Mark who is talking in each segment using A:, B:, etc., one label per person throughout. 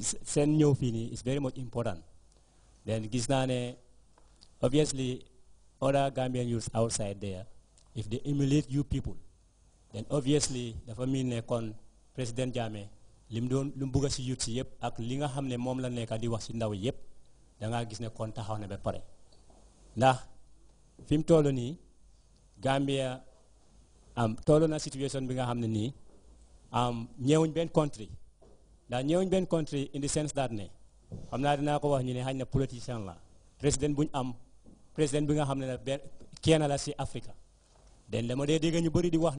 A: sen ñëw fii is very much important then gis ne obviously other Gambian youths outside there if they emulate you people then obviously the family ne kon président Jammeh li doon lu mu bugg si youth yep ak li nga xam ne la nekk di wax si ndaw yëpp dangaa gis ne kon taxaw na ba pare ndax Gambia am toll na situation bi nga ni ne am country ndax ñëwuñ benn country in the sense that ne xam naa dinaa ko wax ñu ne xañ na politicien la président bu ñu am président bi nga xam ne la benn kenn la si Africa den dama dee dégg ñu bëri di wax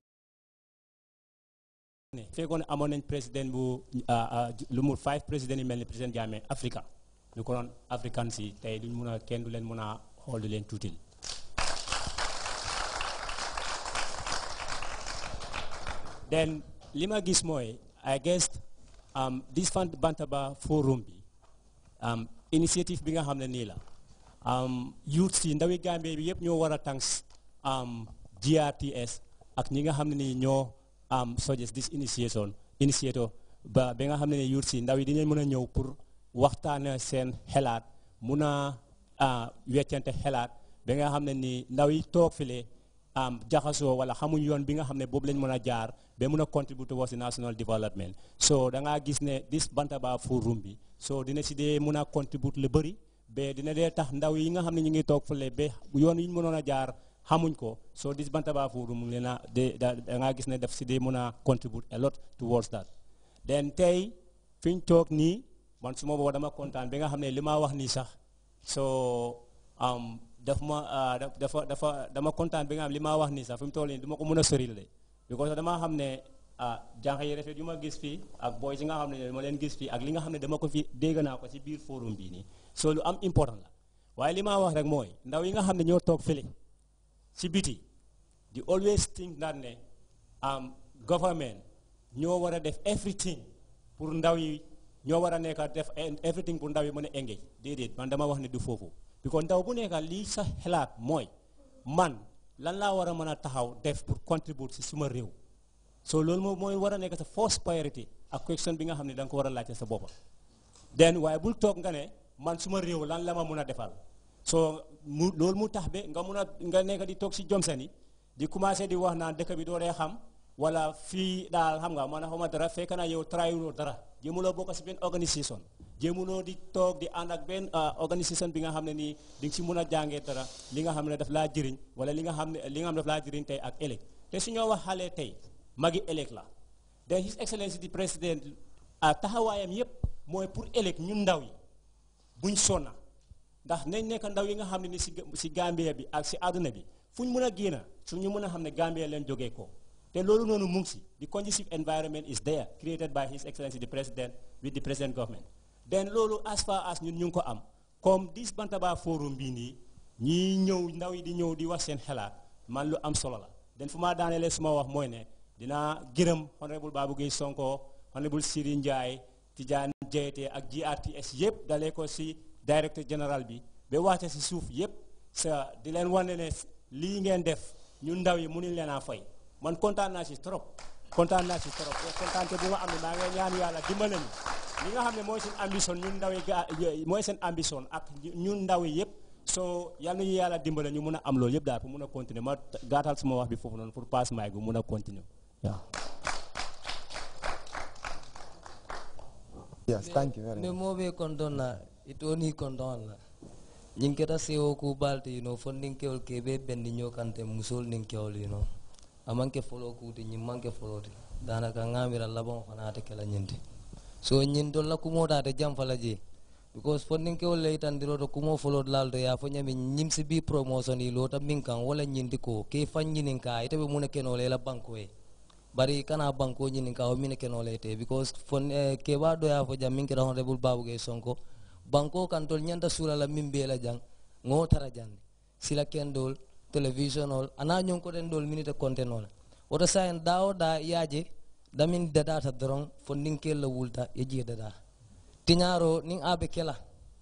A: ne amoon nañ président bu ah, ah, lu mu five président yi mel ni président Jammeh Africa ñu ko noon african si tey duñ mun a kenn du leen mun a xool du leen tuutil den ma gis mooy I guess Um, this fan Bantaba forum bi um, initiative bi nga xam ne nii la um, youth si ndawi Gambie bi yëpp ñoo war a thanks um, GRTS ak ñi nga xam ne nii ñoo um, suggest this initiation initiator ba ba nga xam ne nii youth si ndaw yi dinañ mën a ñëw pour waxtaana seen xelaat mun a uh, weccante xelaat bi nga xam ne nii ndaw yi toog file jaxasoo wala xamuñ yoon bi nga xam ne boobu lañ mën a jaar ba mun contribute towards the national development so da ngaa gis ne this Bantaba forum bi so dina si dee mun a contribute lu bëri ba dina dee tax ndaw yi nga xam ne ñu ngi toog fële ba yoon yi ñu mënoon jaar xamuñ ko so this Bantaba forum mu ngi leen a de da ngaa gis ne daf si dee mun contribute a lot towards that then tey fi ñu toog nii man su ma dama kontaan bi nga xam ne wax nii sax so daf ma ah, dafa dafa dama kontaan bi nga xam li wax nii sax fi mu toll ko mën a because damaa xam ne ah jànq yi rafet ma gis fii ak boy si nga xam ne ma leen gis fii ak li nga xam ne dama ko fi dégg naa ko si biir forum bii nii soo lu am important la waaye li ma wax rek mooy ndaw yi nga xam ne ñoo toog fële si biti di always think that ne government ñoo war a def everything pour ndaw yi ñoo war a nekka def everything pour ndaw yi mën a engage déedéet man dama wax ne du foofu because ndaw bu nekka lii sa xalaat mooy man lan laa war a mën a taxaw def pour contribuer si suma réew so loolu moo mooy war a sa force priority ak question bi nga xam ne da nga ko war a sa boppa then waaye bul toog nga ne man suma réew lan la ma mun defal so mu loolu mu tax be nga mun nga nekk di toog si jom di commencé di wax naan dëkk bi doo dee xam wala fii daal xam nga man xawma dara fekk naa yow trayuloo dara jéemuloo bokk si benn organisation jéemuloo di toog di ànd ak benn euh, organisation bi nga xam ne nii di si mun a jàngee dara li nga xam ne daf laa jëriñ wala li nga xam ne li nga xam laa jëriñ tey ak ëllëg te su ñoo wax xale tey magi ëllëg la de his excellence di président euh, taxawaayam yëpp mooy pour ëllëg ñun ndaw yi buñ sonna ndax nañ nekk ndaw yi nga xam ne ni si si Gambia bi ak si àdduna bi fu fuñ mun a su ñu mën a xam ne Gambia leen jógee ko te loolu noonu mu ngi si the conducive environment is there created by his excellency the president with the present government then loolu as far as ñun ñu ngi ko am comme this Bantaba forum bii nii ñii ñëw ndaw yi di ñëw di wax seen xelaat man lu am solo la den fu maa daanelee suma wax mooy ne dinaa gërëm honorable Babou Gueye Sonko honorable Siri Ndiaye Tidiane Diaité ak GRTS yëpp dalee ko si directeur général bi ba wàcce si suuf yëpp sa di leen wane ne lii ngeen def ñun ndaw yi mënuñ leen a fay man content naa si trop content naa si trop yow content ma am ni maa ngi ñaan yàlla dimbale ñu li nga xam ne mooy ambition ñun ndaw yi sen ambition ak ñun ndaw yi so yal nañu yàlla dimbale ñu mun a am loolu yëpp daal pour mun a continuer ma gaatal sama wax bi foofu noonu pour passe maay gu mun
B: continuer waaw. yes thank you very much. mais moo bee kontoon la it only kontoon la. ñu ngi ko tas see woo ku baalte yi noonu fa ni ñu kewal musul ni ñu yi noonu. amanke folo kuti ñiŋ manke foloti danaka ŋamira labaŋo fana ate ke la ñinti so ñiŋ dolla kumota ate janfa la jee because fonninkewol le yitandiro to kumo folot laal to yaa fo ñami ñim si bi promotion yi loota miŋ kaŋ wo la ñindi ko ke faŋ ñinin ka ite be mu ne kenoo la i la banko ye bari kana banko ñinin ka wo miŋ ne kenoo la ite because fon eh, kebaa do yaa fo jam miŋ kira la miŋ bee la jaŋ ŋo television ol ana ñonkoten ɗol minute content ola woto sahen dawoɗa yaaje damin dadata doron fo ndin kella wulta e jiye dadata tiñaro nin aɓe kela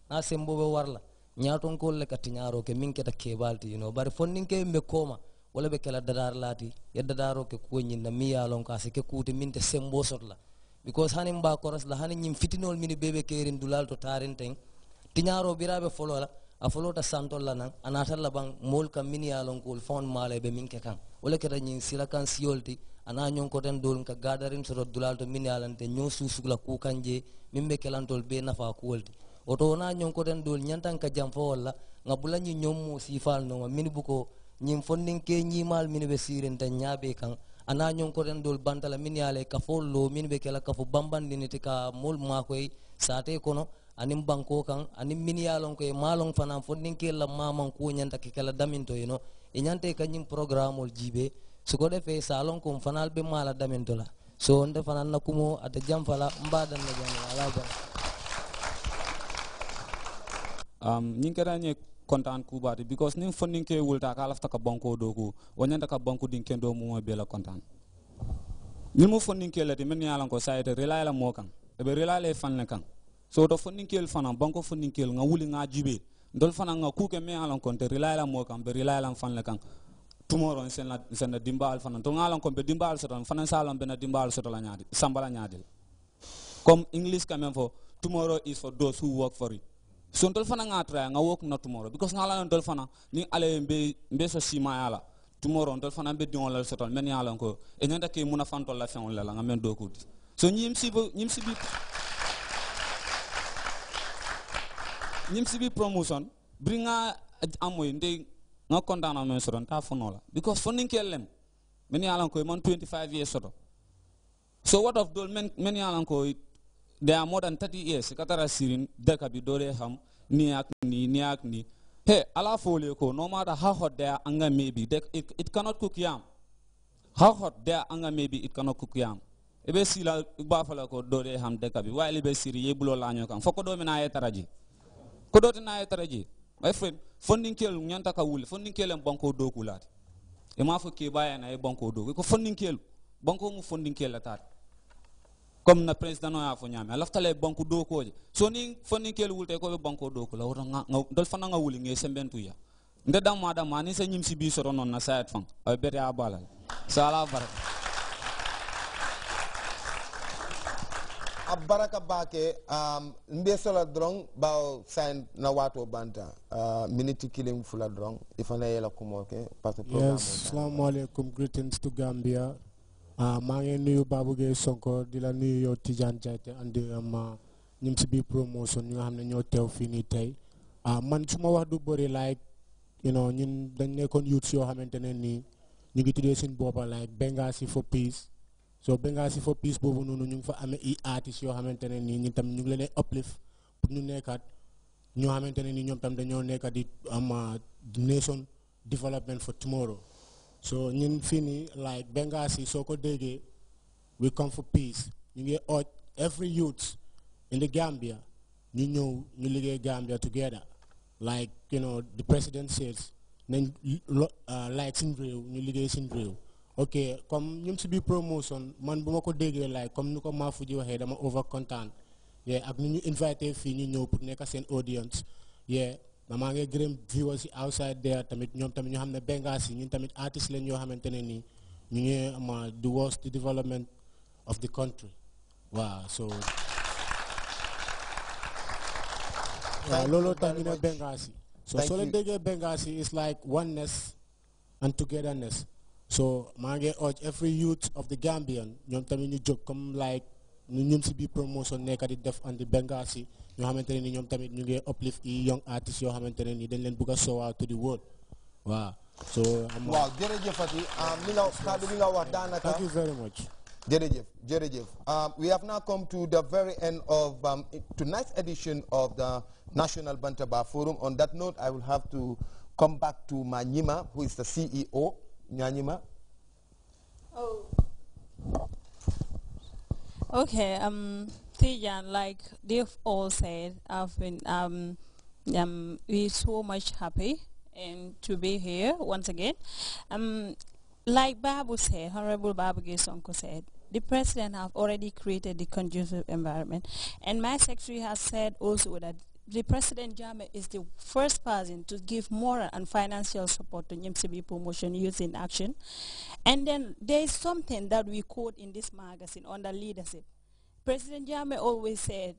B: na semboɓe warla ñatonkool le ka tiñaro ke min keta kebalti yino bari fo ndin ke ɓe kooma wala ɓe kela dadar laati ye dadaro ke kuwo ñinna mi yalon ka sike kuuti min te sembo sotla because hanin mba koros la hanin ñin fitinol mini beɓe kerin dulal to tarin ten tiñaro ɓiraɓe folola a folota santol la nan a naata laban moolu ka minnu ye a lon koolu faŋolu maala be miŋ ke kaŋ wo le keta ñiŋ sila kaŋ siyolu ti a naŋ ñonkoten doolu ka gadariŋ soto dulaalu to minnu ye a lante ñoo suusugu la kuu kaŋ jee miŋ be kelantolu bee nafaa kuwolu ti woto wo naŋ ñonkoten doolu ñantaŋ ka janfo wolu nŋa bula ñiŋ ñoŋ moo siifaalu nooma minnu buko ñiŋ fonniŋ kee ñiimaalu minnu be siirinta ñaa bee kaŋ a naŋ ñonkoten doolu banta la minnu ye a la kafoolu loo anin banko kan anin miniyalon ko e malon fana fonnin ke la maman ko nyanta ke kala daminto yino e nyante kanyin programol jibe suko de fe salon ko fanal be mala daminto la so onde fana na kumo ata jamfala mbadan na jani ala ba
C: um nyinkara nye kontan ku bati because nin fonnin ke wulta ka lafta ka banko doku ka banko din kendo mo be la kontan ni mo fonnin ke la de men yalan ko sayete relay la mo kan be relay so to fonninkel fana banko fonninkel nga wuli nga jibe ndol fana nga kuke me alan konte la mo kam be rilayla fan le kan tomorrow sen la sen dimba al fana to ngalan ko be dimba al sotan fana salam be na dimba al sotala nyaadi sambala nyaadi comme english quand fo tomorrow is for those who work for it so ndol fana nga tra nga work na tomorrow because ngalan ndol fana ni ale be be so sima yala tomorrow ndol fana be dion la sotal men yalan ko e nyanda ke muna fantol la fion la nga men do ko so nyim si nyim si ñimsibi promotion bringa amoy nde nga condamna men soron ta fonola because fonin kellem men yalan man 25 years soto so what of dol men men yalan ko they are more than 30 years katara sirin daka bi dole ham ni ak ni ni ak ni he ala fole ko no matter how hot they are anga maybe they, it, it cannot cook yam how hot they are anga maybe it cannot cook yam ebe sila ba fala ko dole ham daka bi wa ile be siri yebulo la nyokan foko do men taraji kodoti nayetaraji my friend fonninkelu ñantaka wule fonninkelen banko doku laati ima e fo kebayana e banko doku ko fonninkelu banko mu fonninkela taati comme na président ya fo ñaami a laftala e banko dokoje so ni fonninkelu wulte koɓe banko doku la woto dol fana nga wuli nge sembentuya nde damma damma ni sa ñim si bi soro noon na sayat fan aɓe bete a balal so ala baraka
D: a baraka baake um, mbe sola drong bawo sain na wato banta uh, miniti kilim fula drong ifana yela kumoke parce que yes assalamu alaikum greetings to gambia uh, maa ngi nuyu Babou Gueye Sonko di la nuyu yow Tidiane Jaite andi ma ñim si biir promotion ñi nga xam ne ñoo teew fii nii tey uh, man su ma wax du bëri like you know ñun dañ nekkoon youths yoo xamante ne nii ñu ngi tuddee seen booba like Benghazi for Peace so Benghazi for Peace boobu noonu ñu ngi fa amee i artistes yoo xamante ne nii tam ñu leen uplift pour ñu nekkaat ñoo xamante ne nii tam dañoo nekkaat di am um, uh, nation development for tomorrow so ñun fii like Benghazi soo we come for peace ñu ngi every youth in the Gambia ñu ñëw ñu liggéey Gambia together like you know the president says nañ uh, like in real ñu liggéey suñ réew ok comme ñun si biir promotion man bu ma ko déggee laay comme ni ko Maafu ji waxee dama over content Yeah, ak ni ñu invité fii ñu ñëw pour nekk seen audience Yeah, damaa ngi gërëm viewers outside there tamit ñoom tamit ñoo xam ne Bengaas yi ñun tamit artistes lañ yoo xamante ne nii ñu ngi ma the worst development of the country Wow, so. waaw looloo tax ñu ne Bengaas yi. so soo leen déggee is like oneness and togetherness so maa urge every youth of the Gambian ñoom tamit ñu jóg comme like ñu ñum si biir promotion nekk di def andi benga si ñoo xamante ne ni ñoom tamit ñu ngi uplift yi young artist yoo xamante ne ni dañ leen bëgg a soowa to the world waaw so waaw jërëjëfati ah, li nga kàddu li nga wax daanaka thank you very much Jerejef, Jerejef. Um, ah, we have now come to the very end of um, tonight's edition of the National Bantaba Forum. On that note, I will have to come back to Manima, who is the CEO Nyanyima? Oh.
B: Okay, um, Tijan, like they've all said, I've been, um, um, we're so much happy and to be here once again. Um, like Babu said, Honorable Babu Gisonko said, the president have already created the conducive environment. And my secretary has said also that the President Jame is the first person to give moral and financial support to MCB promotion youth in action. And then there is something that we quote in this magazine under leadership. President Jame always said,